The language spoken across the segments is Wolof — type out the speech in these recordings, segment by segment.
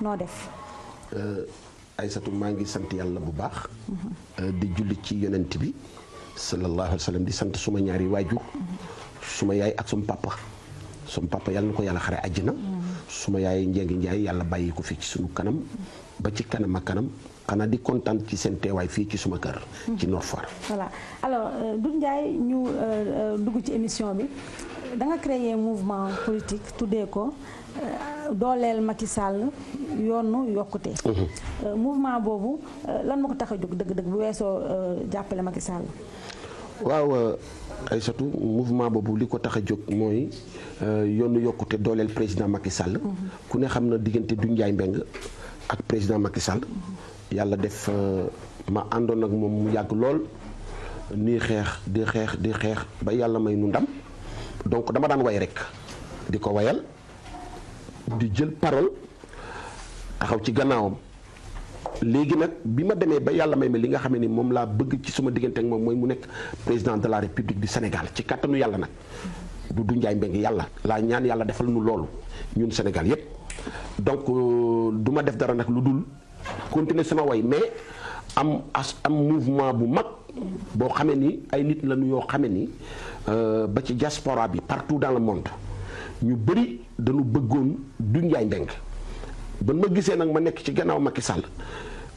noo def. Euh, Aysatu maa ngi sant yàlla bu baax. Mm-hmm. Euh, di julli ci yonent bi. sallallahu alayhi wa di sant suma ñaari waajur. suma yaay ak suma papa. suma papa yàlla na ko yàlla xare àjjana. Mm-hmm. suma yaay njeengi njaay yàlla bàyyi ko fii ci sunu kanam. ba ci kanam ak kanam. xanaa di kontaan ci seen teewaay fii ci suma kër. Mm-hmm. ci Nord Foire. voilà alors euh, Doudou ñu dugg ci émission bi da créer mouvement politique tuddee ko. dooleel Macky Sall yoonu yokkute. Mhm. Euh, mouvement boobu euh, lan moo ko tax a jóg dëgg-dëgg bu weesoo euh, jàppale Macky Sall. waaw Aïssatou mouvement boobu li ko tax a jóg mooy yoonu yokkute dooleel président Macky Sall. Mhm. ku ne xam na diggante du njaay Mbengue ak président Macky Sall. Mhm. yàlla def ma àndoon ak moom mu yàgg lool nuy xeex di xeex di xeex ba yàlla may nu ndam donc dama daan way rek di ko wayal. di jël parole taxaw ci gannaawam léegi nag bi ma demee ba yàlla may ma li nga xam ni moom laa bëgg ci suma diggante ak moom mooy mu nekk président de la république du Sénégal ci kàttanu yàlla nag du njaay Mbengue yàlla laa ñaan yàlla defal nu loolu ñun Sénégal yépp donc euh, duma def dara nag lu dul continuer sama way mais am as am mouvement bu mag boo xamee ni ay nit la ñu yoo xamee ni euh, ba ci diaspora bi partout dans le monde ñu bëri dañu bëggoon du njaay ndeng ba ma gisee nag ma nekk ci gannaaw Macky Sall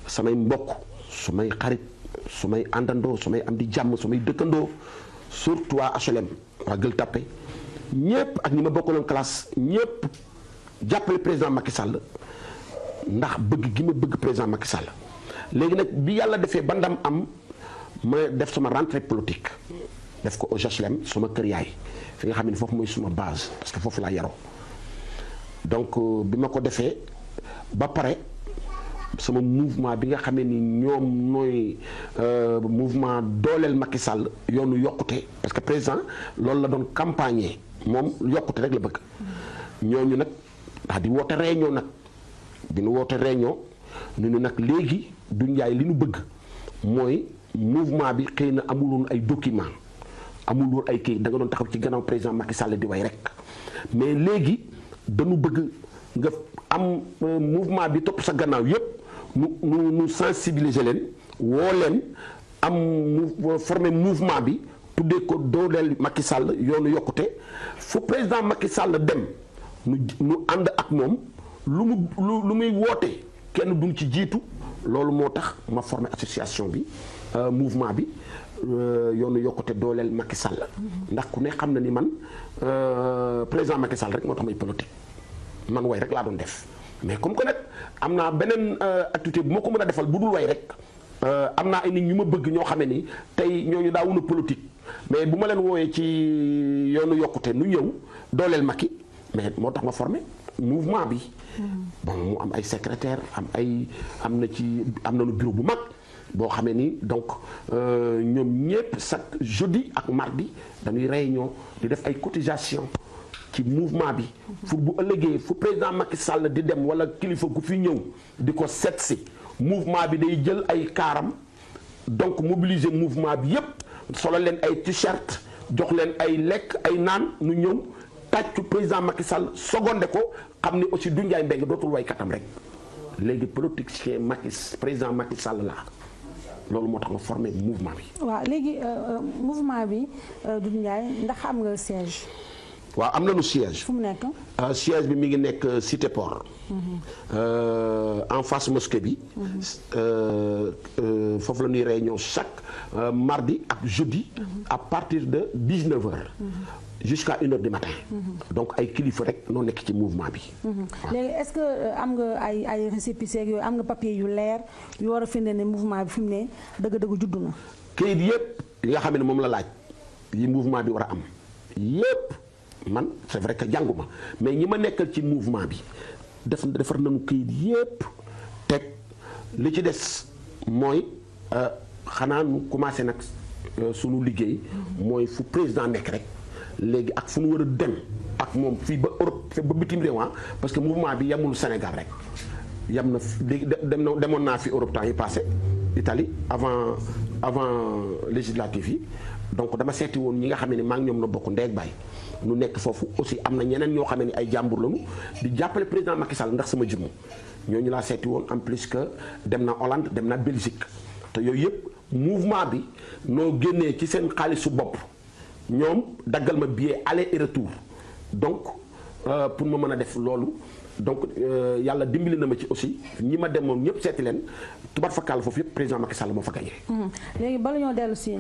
samay mbokk su may xarit su may àndandoo su may am di jàmm su may dëkkandoo surtout waa HLM waa Gueule Tapée ñëpp ak ñi ma bokkaloon classe ñëpp jàppale président Macky Sall ndax bëgg gi ma bëgg président Macky Sall léegi nag bi yàlla defee ba ndam am ma def sama rentrée politique def ko au HLM sama kër yaay. fi nga xam ne foofu mooy suma base parce que foofu laa yaroo donc euh, bi ma ko defee ba pare sama mouvement bi nga xamee ni ñoom nooy euh, mouvement dooleel Macky Sall yoonu yokkute parce que président loolu la doon campagne moom yokkute rek la bëgg ñooñu nag ndax di woote réunion nag dina woote réunion ñu nag léegi du njaay li ñu bëgg mooy mouvement bi xëy na amuloon ay document amul woon ay kii danga doon taxaw ci gannaaw président Macky Sall di way rek mais léegi dañu bëgg nga am euh, mouvement bi topp sa gannaaw yépp nu nu nu sensibiliser leen woo leen am mu former mouvement bi tuddee ko dooleel Macky Sall yoonu yokkute fu président Macky Sall dem nu nu ànd ak moom lu mu lu muy woote kenn duñ ci jiitu loolu moo tax ma former association bi euh, mouvement bi Euh, yoonu yokkute dooleel Macky Sall ndax ku ne xam na ni man euh, président Macky Sall rek moo tax may politique man way rek laa doon def mais comme que nag am na beneen euh, activité bu ma ko mën a defal bu dul way rek am na ay nit ñu ma bëgg ñoo xam ne ni tey ñooñu daawuñu politique mais bu ma leen wooyee ci yoonu yokkute nu ñëw dooleel Macky mais moo tax ma formé mouvement bi. Mm-hmm. bon mu am ay secrétaire am ay am na ci am na lu bureau bu mag. boo xamee ni donc euh, ñoom ñëpp sac jeudi ak mardi dañuy réunion di def ay cotisation ci mouvement bi fu bu ëllëgee fu président Macky Sall di dem wala kilifa gu fi ñëw di ko set si mouvement bi day jël ay kaaram donc mobiliser mouvement bi yépp solo leen ay t-shirt jox leen ay lekk ay naan nu ñëw tàccu président Macky Sall seconde ko xam ne aussi du Ndiaye Mbengue dootul waykatam rek léegi politicien Macky président Macky Sall la loolu moo tax nga formé mouvement bi. waaw léegi euh, euh, mouvement bi euh, Doudou Ndiaye ndax am nga siège. waaw am na nañu siège. fu mu nekk. Ah, siège bi mi ngi nekk euh, Cité Port. Euh, en face mosquée bi. Mhm. Euh, foofu la ñuy réunion chaque mardi ak jeudi. Mhm. à partir de 19h. Mhm. jusqu'à une heure du matin. donc ay kilifa rek noo nekk ci mouvement bi. léegi est-ce que am nga ay ay récépissé yooyu am nga papier yu leer yu war a firnde ne mouvement bi fi mu ne dëgg-dëgg juddu na. kayit yépp li nga xam ne moom la laaj yi mouvement bi war a am yépp. man c'est vrai que jànguma mais ñi ma nekkal ci mouvement bi def defar nañu këyit yépp teg li ci des mooy euh, xanaa nu commencé nag euh, sunu liggéey mooy fu président nekk rek léegi ak fu nu war a dem ak moom fii ba Europe ba bitim réew ah, parce que mouvement bi yamul Sénégal rek yam na de dem na demoon naa fi Europe temps yi passé Italie avant avant législative yi donc dama seeti woon ñi nga xam ne maa ngi ñoom na bokk ndeeg baay nu nekk foofu aussi am na ñeneen ñoo xam ne ay jàmbur lañu di jàppale président Macky ndax sama jëmm ñooñu laa seeti woon en plus que dem na Hollande dem na Belgique te yooyu yëpp mouvement bi noo génnee ci seen xaalisu bopp ñoom daggal ma billet ale et donc. Euh, pour ma mën a def loolu donc euh, yàlla dimbali na ma ci aussi ñi ma demoon ñëpp seeti leen tubaab fakkaal foofu yëpp président Macky Sall moo fa gagné. Mmh. léegi bala ñoo dellu si